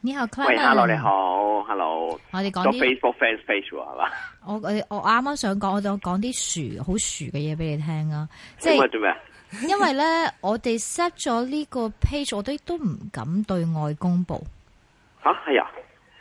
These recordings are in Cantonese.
你好，喂，Hello，你好，Hello。我哋講啲 Facebook fans page 係嘛？我我啱啱想講，我就講啲薯好薯嘅嘢俾你聽啊，即係因為咧，我哋 set 咗呢個 page，我哋都唔敢對外公布。啊，係啊，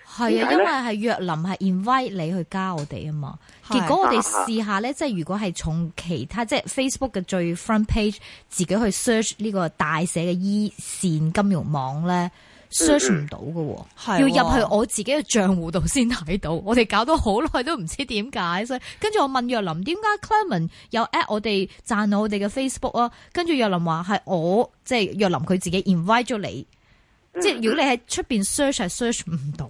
係啊，因為係若林係 invite 你去加我哋啊嘛。結果我哋試下咧，即係如果係從其他即係 Facebook 嘅最 front page，自己去 search 呢個大寫嘅 e 綫金融網咧，search 唔到喎，嗯嗯、要入去我自己嘅賬戶度先睇到。嗯、我哋搞到好耐都唔知點解，所以跟住我問若琳，點解 Clayman 又 at 我哋讚我哋嘅 Facebook 啊？跟住若琳話係我，即、就、係、是、若琳佢自己 invite 咗你。嗯、即係如果你喺出邊 search 係 search 唔到，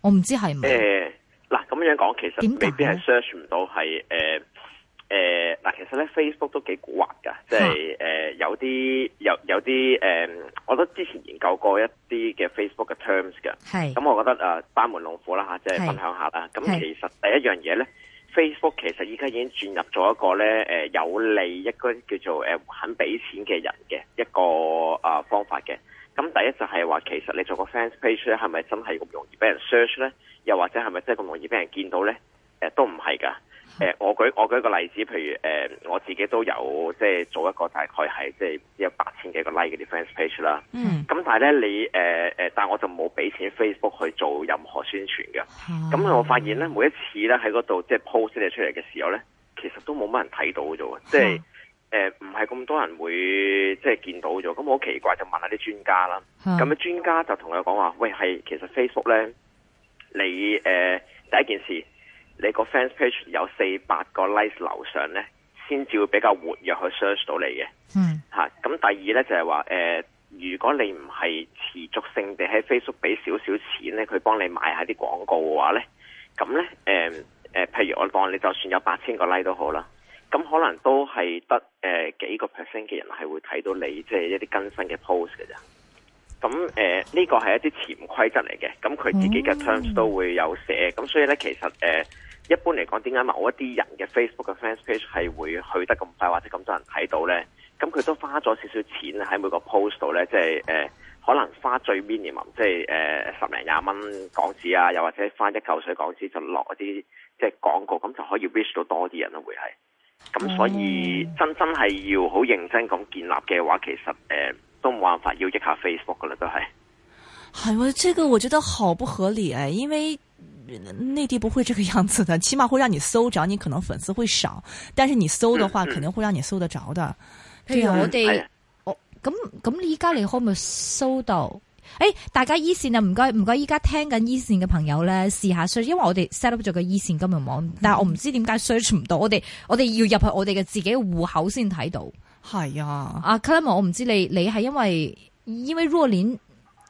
我唔知係咪？誒、呃，嗱咁樣講，其實未必係 search 唔到，係誒。呃誒，嗱、呃，其實咧 Facebook 都幾古惑噶，即係誒有啲有有啲誒、呃，我都得之前研究過一啲嘅 Facebook 嘅 terms 噶，咁是、嗯、我覺得啊、呃，班門弄斧啦吓，即、就、係、是、分享下啦。咁是其實第一樣嘢咧是，Facebook 其實依家已經轉入咗一個咧，誒、呃、有利一個叫做誒、呃、肯俾錢嘅人嘅一個、呃、方法嘅。咁、嗯、第一就係話，其實你做個 fans page 咧，係咪真係咁容易俾人 search 咧？又或者係咪真係咁容易俾人見到咧？誒、呃，都唔係噶。呃、我舉我舉一個例子，譬如誒、呃，我自己都有即係、呃呃、做一個大概係即係有八千幾個 like 嘅啲 fans page 啦。嗯。咁但係咧，你誒、呃呃、但我就冇俾錢 Facebook 去做任何宣傳嘅。咁、嗯、我發現咧，嗯、每一次咧喺嗰度即係 post 嘢出嚟嘅時候咧，其實都冇乜人睇到嘅啫。嗯、即係誒，唔係咁多人會即係見到啫。咁我好奇怪，就問下啲專家啦。咁嘅、嗯、專家就同佢講話，喂，係其實 Facebook 咧，你誒、呃、第一件事。你個 fans page 有四百個 like 樓上咧，先至會比較活躍去 search 到你嘅、mm. 啊。嗯。咁第二咧就係話誒，如果你唔係持續性地喺 Facebook 俾少少錢咧，佢幫你買下啲廣告嘅話咧，咁咧誒譬如我當你，就算有八千個 like 都好啦，咁、嗯、可能都係得誒幾個 percent 嘅人係會睇到你即係、就是、一啲更新嘅 post 嘅啫。咁、嗯、誒，呢個係一啲潛規則嚟嘅。咁佢自己嘅 terms 都會有寫。咁所以咧，其實誒。一般嚟講，點解某一啲人嘅 Facebook 嘅 Fans Page 係會去得咁快，或者咁多人睇到咧？咁佢都花咗少少錢喺每個 Post 度咧，即係誒、呃，可能花最 minimum，即係誒、呃、十零廿蚊港紙啊，又或者花一嚿水港紙就落一啲即係廣告，咁就可以 reach 到多啲人都會係。咁所以、嗯、真真係要好認真噉建立嘅話，其實誒、呃、都冇辦法要益下 Facebook 噶啦都係。係喎，這個我覺得好不合理誒、啊，因為。內地不會這個樣子的，起碼會讓你搜着，你可能粉絲會少，但是你搜的話，嗯、肯定會讓你搜得着的。哎呀，我哋、哦，我咁你依家你可唔可以搜到？誒、欸，大家依、e、線啊，唔該唔該，依家聽緊依、e、線嘅朋友咧，試下 search 因為我哋 set up 咗個依、e、線金融網，嗯、但係我唔知點解 search 唔到，我哋我哋要入去我哋嘅自己戶口先睇到。係啊，啊、uh, 我唔知你你係因為因為若琳。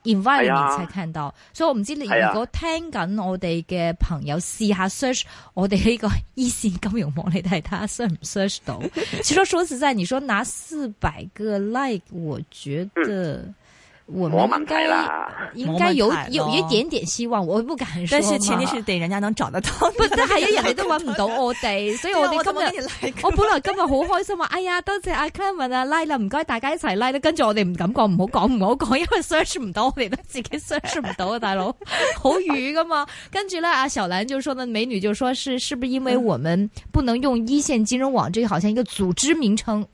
invite 你 t 就聽到，啊、所以我唔知你、啊、如果聽緊我哋嘅朋友試下 search 我哋呢個 e 線金融網，你睇下 search 唔 search 到。其實 說實在，你說拿四百個 like，我覺得。嗯我們應該應該有有，有，有一點點希望，我不敢說，但是前提是得人家能找得到。不，但係一日你都揾唔到我哋， 所以我哋今日 我、like、我本來今日好開心嘛。 哎呀，多謝阿、啊、Clarence 啊，拉啦，唔該大家一齊拉啦。跟住我哋唔敢講，唔好講，唔好講，因為 search 唔到，我哋都自己 search 唔到、啊， 大佬好愚噶嘛。跟住咧，阿小蘭就說呢，美女就說是是不是因為我們不能用一線金融網、嗯，這個好像一個組織名稱。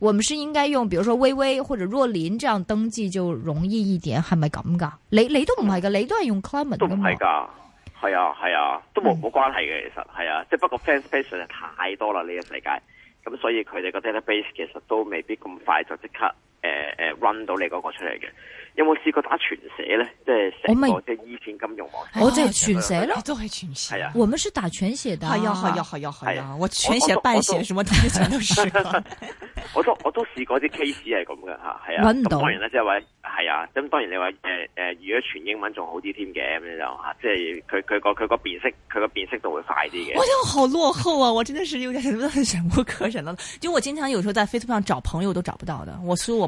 我們是應該用，比如說微微或者若琳這樣登記就容易一點，係咪咁噶？你你都唔係噶，你都係用 Clement。都唔係噶，係啊係啊，都冇冇關係嘅其實，係啊，即係不過 fans base 其實太多啦呢個世界，咁所以佢哋個 database 其實都未必咁快就即刻。誒誒、呃呃，run 到你嗰個出嚟嘅，有冇試過打全寫咧？Oh、my 即係成個即係以前金融網，我即係全寫咯、哎，都係全寫。係啊，啊，我哋是打全寫嘅。係好係好係啊係啊，我全寫半寫，什麼全都是。我都我都試過啲 case 係咁嘅吓，係啊。到人即係話係啊。咁當然你話誒誒，如、呃、果、呃呃呃、全英文仲好啲添嘅咁樣就吓，即係佢佢個佢個辨識佢個辨識度會快啲嘅。我真好落後啊！我真的是有點忍無可忍啦。就我經常有時候在 Facebook 上找朋友都找不到的，我所以我。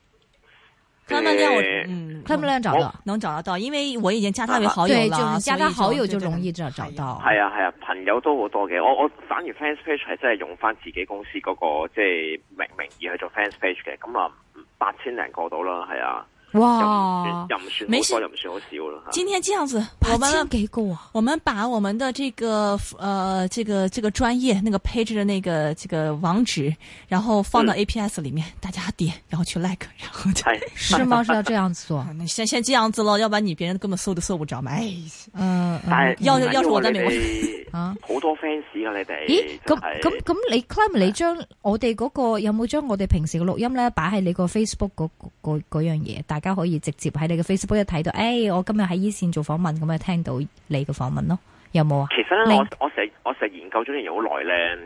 他們這樣，嗯，嗯他們這樣找個我能找得到，因為我已經加他為好友啦，啊就是、加他好友就，就容易找到。係啊，係啊，朋友都好多嘅，我我反而 fans page 係真係用翻自己公司嗰、那個即係名名義去做 fans page 嘅，咁啊八千零個度啦，係啊。哇，又唔算，好笑今天這樣子，我們給我們把我們的這個，呃，這個這個專業那個配置的那個這個網址，然後放到 A P S 裏面，大家點，然後去 like，然後再，是嗎？要這樣子做，先先這樣子咯，要不然你別人根本搜都搜不着嘛。嗯，要要是我在美國，啊，好多 fans 啊，你哋。咦，咁咁咁，你 claim 你將我哋嗰個有冇將我哋平時嘅錄音咧擺喺你個 Facebook 嗰個？嗰樣嘢，大家可以直接喺你嘅 Facebook 一睇到，誒、哎，我今日喺依線做訪問，咁啊聽到你嘅訪問咯，有冇啊？其實咧 Link.，我我成我成日研究咗啲嘢好耐咧。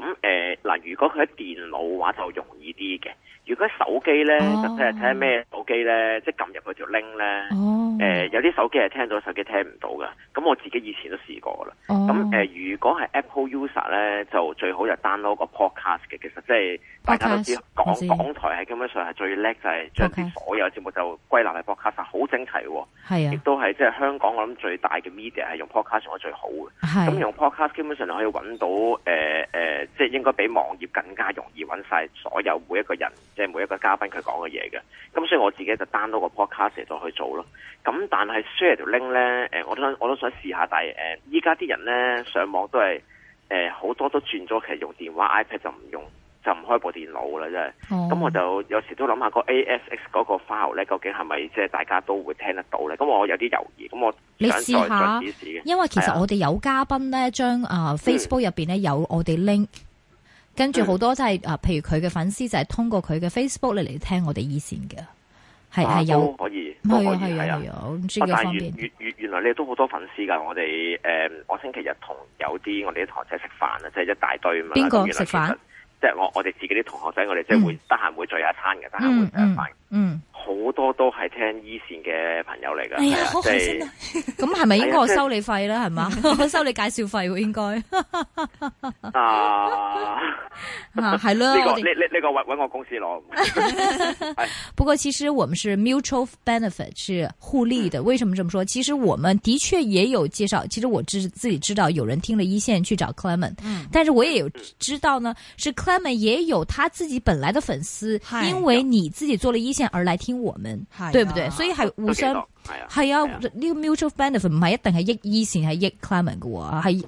咁誒嗱，如果佢喺電腦嘅話就容易啲嘅。如果喺手機咧，即係睇下咩手機咧，即係撳入佢條 link 咧。誒、oh. 呃、有啲手機係聽到，手機聽唔到㗎。咁我自己以前都試過啦。咁誒、oh. 嗯呃，如果係 Apple User 咧，就最好就 download 個 podcast 嘅。其實即係大家都知道，Podcast? 港知道港台係基本上係最叻，就係、是、將所有節目就歸納喺 podcast，好 Okay. 整齊喎。係啊，亦都係即係香港我諗最大嘅 media 係用 podcast 我最好嘅。咁是、嗯、用 podcast 基本上就可以揾到誒、呃呃即係應該比網頁更加容易揾曬所有每一個人，即係每一個嘉賓佢講嘅嘢嘅。咁所以我自己就 download 個 podcast 就去做咯。咁但係 share 條 link 呢，我都想我都想試下，但係誒，依家啲人呢，上網都係呃、好多都轉咗，其實用電話 iPad 就唔用。就唔開部電腦啦，真係。咁我就有時都諗下個 A S X 嗰個 file 咧，究竟係咪即係大家都會聽得到咧？咁我有啲猶豫，咁我你試下，因為其實我哋有嘉賓咧，將啊 Facebook 入邊咧有我哋 link，跟住好多即係啊，譬如佢嘅粉絲就係通過佢嘅 Facebook 嚟聽我哋以前嘅，係，係有可以係啊係啊係啊，咁方係原原原來你都好多粉絲噶，我哋誒，我星期日同有啲我哋啲堂仔食飯啊，即係一大堆嘛，邊個食飯？即係我我哋自己啲同學仔，我哋即係會得閒、嗯、會聚下餐嘅，得閒、嗯、會食下飯。嗯嗯。嗯，好多都係聽一線嘅朋友嚟噶，係啊，咁係咪應該我收你費啦？係嘛，我收你介紹費應該啊，係咯。呢個呢呢個搵搵我公司攞。不過其實我們是 mutual benefit，是互利的。為什麼這麼說？其實我們的確也有介紹。其實我知自己知道有人聽了一線去找 Clement，嗯，但是我也有知道呢，是 Clement 也有他自己本來的粉絲，因為你自己做了一線。而來聽我們， 對不對？ 所以還有無聲。係啊，呢個 mutual benefit 唔係一定係益伊善，係益 Clement 噶，係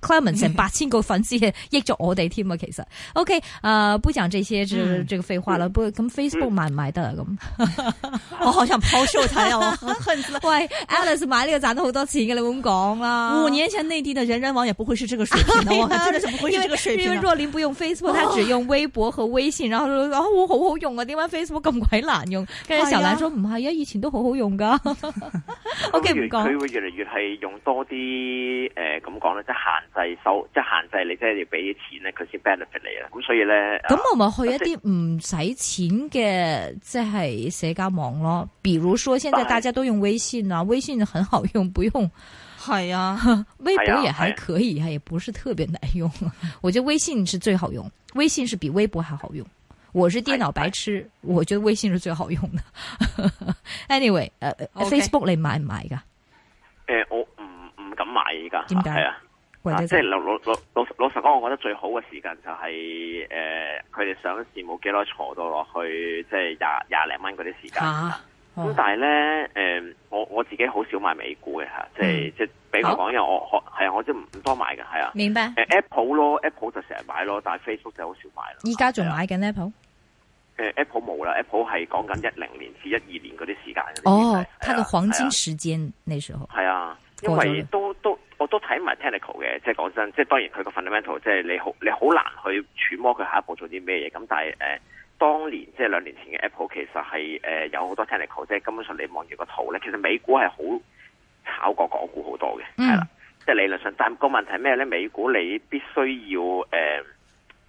Clement 成八千個粉絲係益咗我哋添啊。其實，OK，誒，不講這些這這個廢話啦，不過咁 Facebook 賣唔賣得啊，我好想拋售佢啊！喂 Alice 買呢個賺到好多錢，應該咁講啦。五年前內地的人人網也不會是這個水平的，真的就唔會是這個水平。因為若琳不用 Facebook，佢只用微博和微信，然後好好用啊，點解 Facebook 咁鬼難用？跟住小蘭說唔係啊，以前都好好用噶。 OK，唔講佢會越嚟越係用多啲誒，咁講咧，即係限制收，即係限制你，即係要俾啲錢咧，佢先 benefit 你啊。咁所以咧，咁、呃、我咪去一啲唔使錢嘅，即係社交網咯。比如說，現在大家都用微信啦、啊，是微信很好用，不用係啊。微博也還可以，啊，也不是特別難用。我覺得微信是最好用，微信是比微博還好用。我是電腦白痴，我覺得微信是最好用嘅。Anyway，誒，Facebook 你買唔買噶？誒，我唔唔敢買噶。點解？係啊，即係老老老實講，我覺得最好嘅時間就係誒，佢哋上市冇幾耐，坐到落去即係廿廿零蚊嗰啲時間。咁但係咧，誒，我我自己好少買美股嘅吓，即係即係，比如講因為我係我即係唔多買嘅，係啊。明白。Apple 咯，Apple 就成日買咯，但係 Facebook 就好少買啦。依家仲買緊 Apple？誒，Apple 冇啦，Apple 係講緊一零年至一二年嗰啲時間。哦，佢嘅的黃金時間的那時候的。係啊，因為都都我都睇埋 technical 嘅，即係講真，即係當然佢個 fundamental，即係你好你好難去揣摩佢下一步做啲咩嘢。咁但係誒、呃，當年即係兩年前嘅 Apple 其實係誒、呃、有好多 technical，即係根本上你望住個圖咧，其實美股係好炒過港股好多嘅，係啦、嗯。即係理論上，但個問題咩咧？美股你必須要誒。呃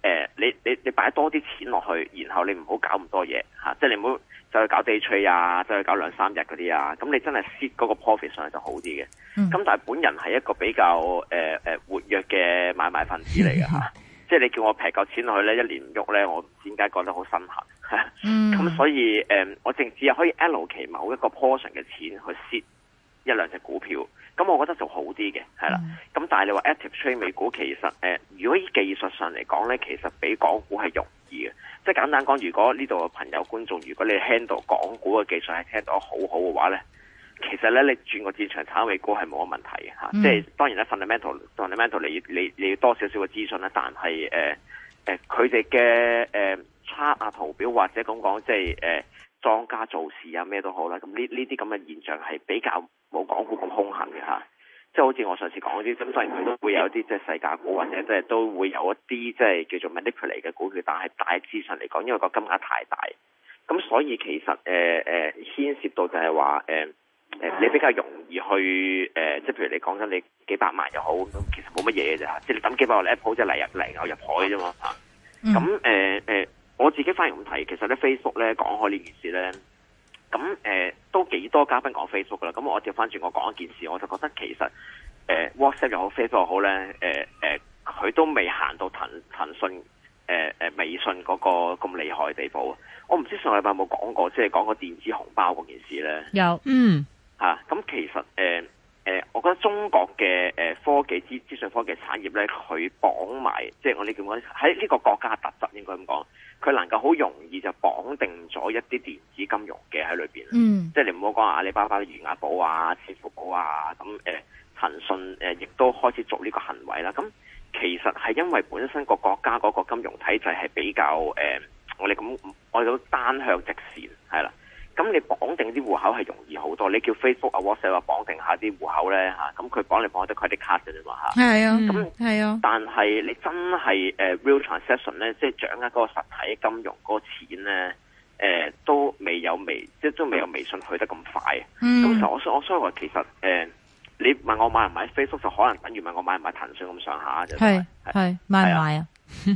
誒、呃，你你你擺多啲錢落去，然後你唔好搞咁多嘢吓、啊，即係你唔好再去搞 day trade 呀、啊，就啊，再去搞兩三日嗰啲啊，咁你真係 set 嗰個 profit 上嚟就好啲嘅。咁、嗯、但係本人係一個比較誒誒、呃呃、活躍嘅買賣分子嚟嘅吓，啊嗯、即係你叫我劈夠錢落去咧，一年唔喐咧，我唔知點解覺得好心痕。咁所以誒、呃，我淨只係可以 allocate 某一個 portion 嘅錢去 set 一兩隻股票。咁、嗯嗯、我覺得就好啲嘅，係啦。咁但係你話 active trade 美股其實，呃、如果以技術上嚟講咧，其實比港股係容易嘅。即、就、係、是、簡單講，如果呢度嘅朋友觀眾，如果你 handle 港股嘅技術係 handle 得好好嘅話咧，其實咧你轉個戰場炒美股係冇乜問題嘅、啊嗯、即係當然呢 fundamental，fundamental Fund 你你你，你要多少少嘅資訊啦，但係誒佢哋嘅差額圖表或者咁講即係莊家做事啊，咩都好啦，咁呢呢啲咁嘅現象係比較冇港股咁兇狠嘅嚇，即係好似我上次講嗰啲，咁當然佢都會有一啲即係細價股，或者即係都會有一啲即係叫做 manipulate 嘅股票，但係大致上嚟講，因為個金額太大，咁所以其實誒誒、呃、牽涉到就係話誒誒你比較容易去誒，即、呃、係譬如你講緊你幾百萬又好，咁其實冇乜嘢嘅啫即係你抌幾百萬嚟鋪，即係嚟入嚟牛入海啫嘛嚇，咁誒誒。我自己反而咁睇。其實咧 Facebook 咧講開呢件事咧，咁誒都幾多嘉賓講 Facebook 噶啦。咁、嗯、我接翻轉，我講一件事，我就覺得其實誒、呃、WhatsApp 又好 Facebook 又好咧，誒誒佢都未行到騰騰訊誒誒微信嗰個咁厲害嘅地步。我唔知上禮拜有冇講過，即係講個電子紅包嗰件事咧。有，嗯嚇。咁、啊嗯、其實誒誒、呃，我覺得中國嘅誒科技資資訊科技產業咧，佢綁埋，即係我呢點講喺呢個國家特質，應該咁講。佢能夠好容易就綁定咗一啲電子金融嘅喺裏邊，嗯、即係你唔好講阿里巴巴、餘額寶啊、支付寶啊，咁誒，騰訊誒亦都開始做呢個行為啦。咁其實係因為本身個國家嗰個金融體制係比較誒、呃，我哋咁我哋都單向直線。你綁定啲戶口係容易好多，你叫 Facebook 啊 WhatsApp 啊綁定下啲戶口咧吓，咁佢綁你綁得佢啲卡嘅啫嘛吓。係啊，咁係、嗯、那啊。但係你真係誒 real transaction 咧，即係掌握嗰個實體金融嗰個錢咧，誒、呃、都未有微，即係都未有微信去得咁快。咁所以我所以我，想我想話其實誒、呃，你問我買唔買 Facebook 就可能等於問我買唔買騰訊咁上下。係係買唔買啊？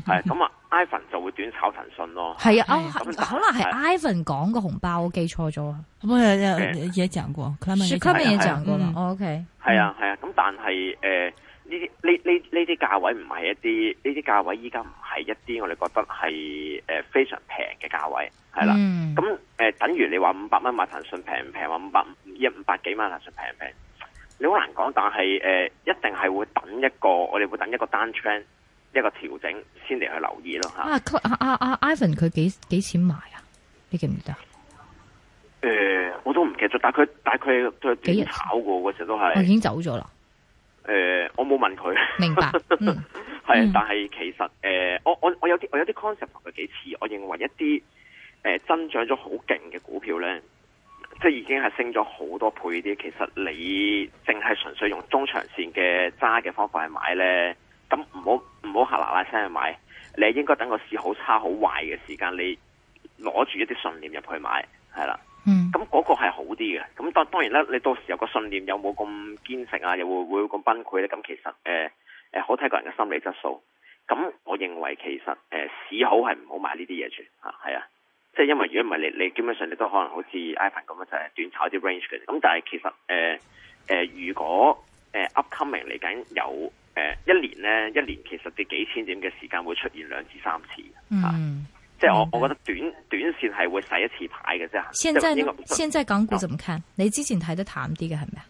係咁啊，Ivan 就會短炒騰訊咯。係啊，嗯、啊可能係 Ivan 講個紅包我記錯咗啊。咁啊、嗯，嘢漲過，雪糕咩嘢漲過啦？O K。係啊，係啊，咁但係誒呢啲呢呢呢啲價位唔係一啲呢啲價位，依家唔係一啲我哋覺得係誒非常平嘅價位，係啦。咁誒、嗯嗯嗯、等於你話五百蚊買騰訊平唔平？話五百一五百幾蚊買騰訊平唔平？你好難講，但係誒、呃、一定係會等一個，我哋會等一個單 tr。一個調整先嚟去留意咯吓、啊啊啊啊。Ivan 佢幾幾錢買啊？你記唔得。誒、呃，我都唔記得，但佢但佢佢幾時炒過，嗰時都係。我已經走咗啦。誒、呃，我冇問佢。明白。係、嗯 嗯，但係其實誒、呃，我我我有啲我有啲 concept 同佢幾次，我認為一啲誒、呃、增長咗好勁嘅股票咧，即係已經係升咗好多倍啲，其實你淨係純粹用中長線嘅揸嘅方法去買咧。咁唔好唔好吓嗱嗱聲去買，你應該等個市好差好壞嘅時間，你攞住一啲信念入去買，係啦。嗯。咁嗰個係好啲嘅。咁當當然啦，你到時有個信念又有冇咁堅誠啊，又會會咁崩潰咧。咁其實誒誒、呃呃，好睇個人嘅心理質素。咁我認為其實誒、呃、市好係唔好買呢啲嘢住吓，係啊。即係因為如果唔係你你基本上你都可能好似 iPhone 咁樣就係、是、短炒啲 range 嘅。咁但係其實誒誒、呃呃，如果誒、呃、upcoming 嚟緊有。誒、呃，一年咧，一年其實啲幾千點嘅時間會出現兩至三次，吓、嗯，即係我我覺得短白短，短線係會洗一次牌嘅，啫。現在現在港股點睇？嗯、你之前睇得淡啲嘅係咪啊？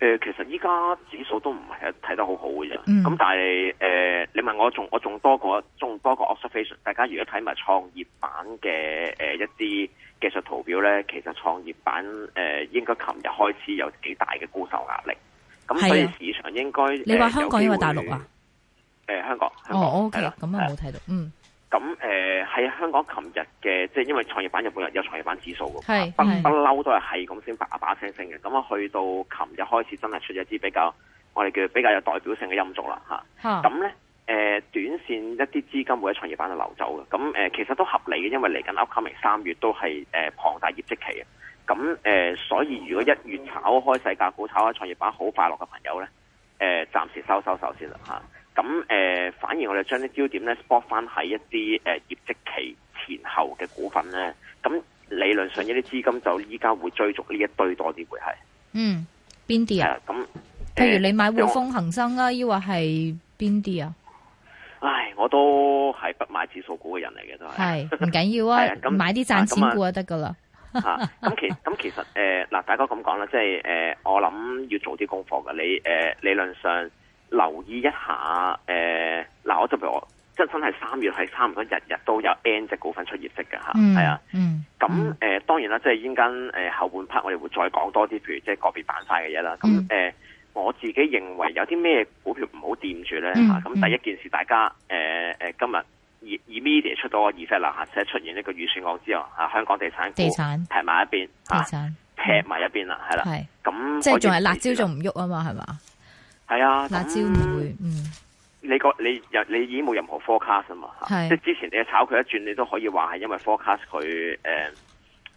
誒、呃，其實依家指數都唔係睇得很好好嘅啫。咁、嗯嗯、但係誒、呃，你問我仲我仲多個仲多個 observation，大家如果睇埋創業板嘅誒一啲技術圖表咧，其實創業板誒、呃、應該琴日開始有幾大嘅沽售壓力。咁、啊、所以市場應該有機會你話香港因為大陸啊？誒、呃、香港，香港哦 O K，咁啊冇睇到，嗯。咁誒喺香港，琴日嘅即係因為創業板有半日本有創業板指數嘅，不不嬲都係係咁先，把把聲聲嘅。咁、嗯、啊，去到琴日開始，真係出咗一支比較我哋叫比較有代表性嘅陰燭啦，咁、啊、咧、啊呃、短線一啲資金會喺創業板度流走嘅。咁、嗯呃、其實都合理嘅，因為嚟緊 upcoming 三月都係誒、呃、龐大業績期嘅。咁誒、呃，所以如果一月炒開世界股、炒開創業板好快樂嘅朋友呢，誒、呃，暫時收收手先啦吓。咁、啊、誒、呃，反而我哋將啲焦點呢，spot 翻喺一啲誒、呃、業績期前後嘅股份呢。咁理論上，一啲資金就依家會追逐呢一堆多啲會係。嗯，邊啲啊？咁、啊，譬如你買匯豐、恒生啊，抑或係邊啲啊？唉，我都係不買指數股嘅人嚟嘅都係。係唔緊要啊， 啊買啲賺錢股就得噶啦。吓，咁、 啊、其咁其實誒嗱、呃，大家咁講啦，即係誒，我諗要做啲功課㗎。你誒、呃、理論上留意一下誒，嗱、呃呃，我就譬如我真真係三月係差唔多日日都有 N 隻股份出業績嘅吓，係啊，咁誒、呃、當然啦，即係依家誒後半 part 我哋會再講多啲，譬如即係個別板塊嘅嘢啦，咁誒、呃、我自己認為有啲咩股票唔好掂住咧，咁第一件事，大家誒誒、呃呃、今日。以 media 出到個 effect 啦，或者出現呢個預算案之後，啊香港地產、地產劈埋一邊，地產劈埋、啊、一邊啦，係啦、嗯。咁的即係仲係辣椒仲唔喐啊嘛？係嘛的？係啊，辣椒唔會。嗯。你覺你你，你已經冇任何 forecast 啊嘛？即係的之前你炒佢一轉，你都可以話係因為 forecast 佢誒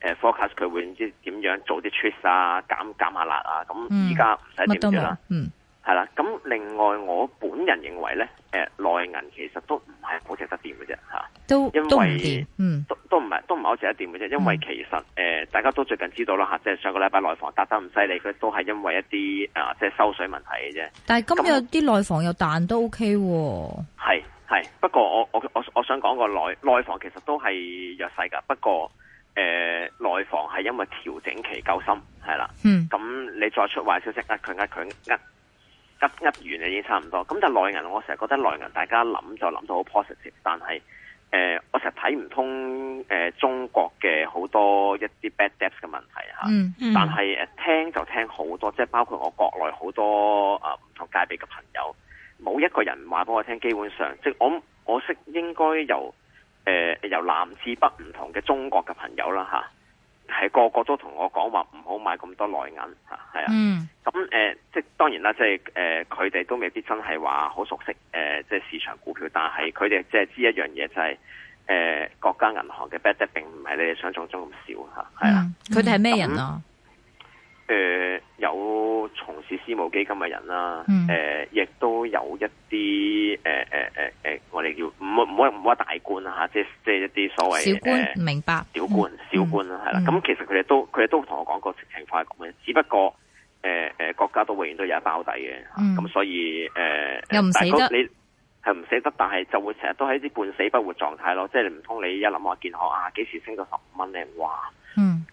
誒 forecast 佢會唔知點樣做啲 tricks 啊，減減下辣啊。咁而家唔使點樣啦、嗯。嗯。係啦，咁另外我本人認為咧，誒內銀其實都唔係好值得掂嘅啫吓，都因為都唔掂，嗯，都都唔係都唔係好值得掂嘅啫，因為其實誒、嗯呃，大家都最近知道啦吓，即係上個禮拜內房跌得唔犀利，佢都係因為一啲誒即係收水問題嘅啫。但係今日啲內房又彈都 OK，係、啊、係那那，不過我我我我想講個內內房其實都係弱勢噶，不過誒內、呃、房係因為調整期夠深，係啦，嗯，咁你再出壞消息，呃佢呃佢呃。拮完啊，已經差唔多。咁但係內銀，我成日覺得內銀大家諗就諗到好 positive。但係誒、呃，我成日睇唔通誒、呃、中國嘅好多一啲 bad debt 嘅問題、嗯嗯、但係聽就聽好多，即係包括我國內好多啊唔、呃、同界別嘅朋友，冇一個人話俾我聽，基本上即係我我識應該由誒、呃、由南至北唔同嘅中國嘅朋友啦、啊係個個都同我講話唔好買咁多內銀吓，係啊。咁誒、嗯呃，即係當然啦，即係誒，佢、呃、哋都未必真係話好熟悉誒、呃，即係市場股票，但係佢哋即係知一樣嘢就係、是、誒，呃、各家銀行嘅 bet 並唔係你哋想象中中咁少吓，係啊。佢哋係咩人啊？誒，有從事私募基金嘅人啦，誒，亦都有一啲誒誒誒誒，我哋叫唔好唔好唔好話大官啊，即係即係一啲所謂小官明白，小官小官啦，係啦，咁其實佢哋都佢哋都同我講過情況係咁嘅，只不過，誒誒，國家都永遠都有一包底嘅，咁所以誒，又唔捨得，你係唔捨得，但係就會成日都喺啲半死不活狀態咯，即係你唔通你一諗下健康啊，幾時升到十五蚊咧？哇，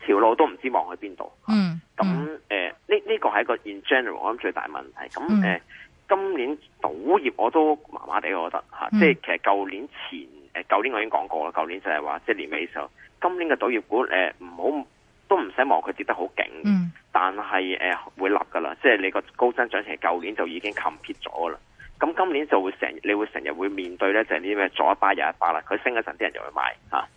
條路都唔知望去邊度？嗯。咁誒，呢呢、嗯呃這個係一個 in general 我諗最大問題。咁、嗯、誒、嗯嗯呃，今年賭業我都麻麻地，我覺得、啊、即係其實舊年前誒，舊、呃、年我已經講過啦。舊年就係話，即係年尾時候，今年嘅賭業股誒，唔、呃、好都唔使望佢跌得好勁，嗯、但係誒、呃、會立㗎啦。即係你個高增長期，舊年就已經冚撇咗啦。咁、啊、今年就會成，你會成日會面對咧，就係呢啲咩左一巴右一巴啦。佢升嗰陣啲人就會買、啊、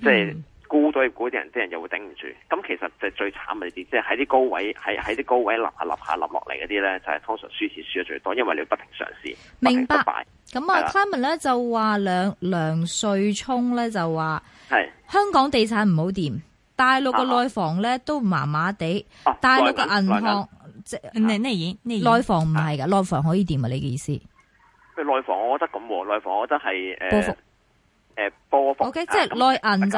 即、嗯高多嘅股啲人，啲人又會頂唔住。咁其實就最慘嘅啲，即係喺啲高位喺喺啲高位立立下立落嚟嗰啲咧，就係通常輸錢輸得最多，因為你不停嘗試。明白。咁啊 l i m o n 咧就話梁梁瑞聰咧就話係香港地產唔好掂，大陸嘅內房咧都麻麻地，大陸嘅銀行即係咩咩嘢？內房唔係㗎，內房可以掂啊！你嘅意思？內房我覺得咁喎，內房我覺得係誒誒波房。好嘅，即係內銀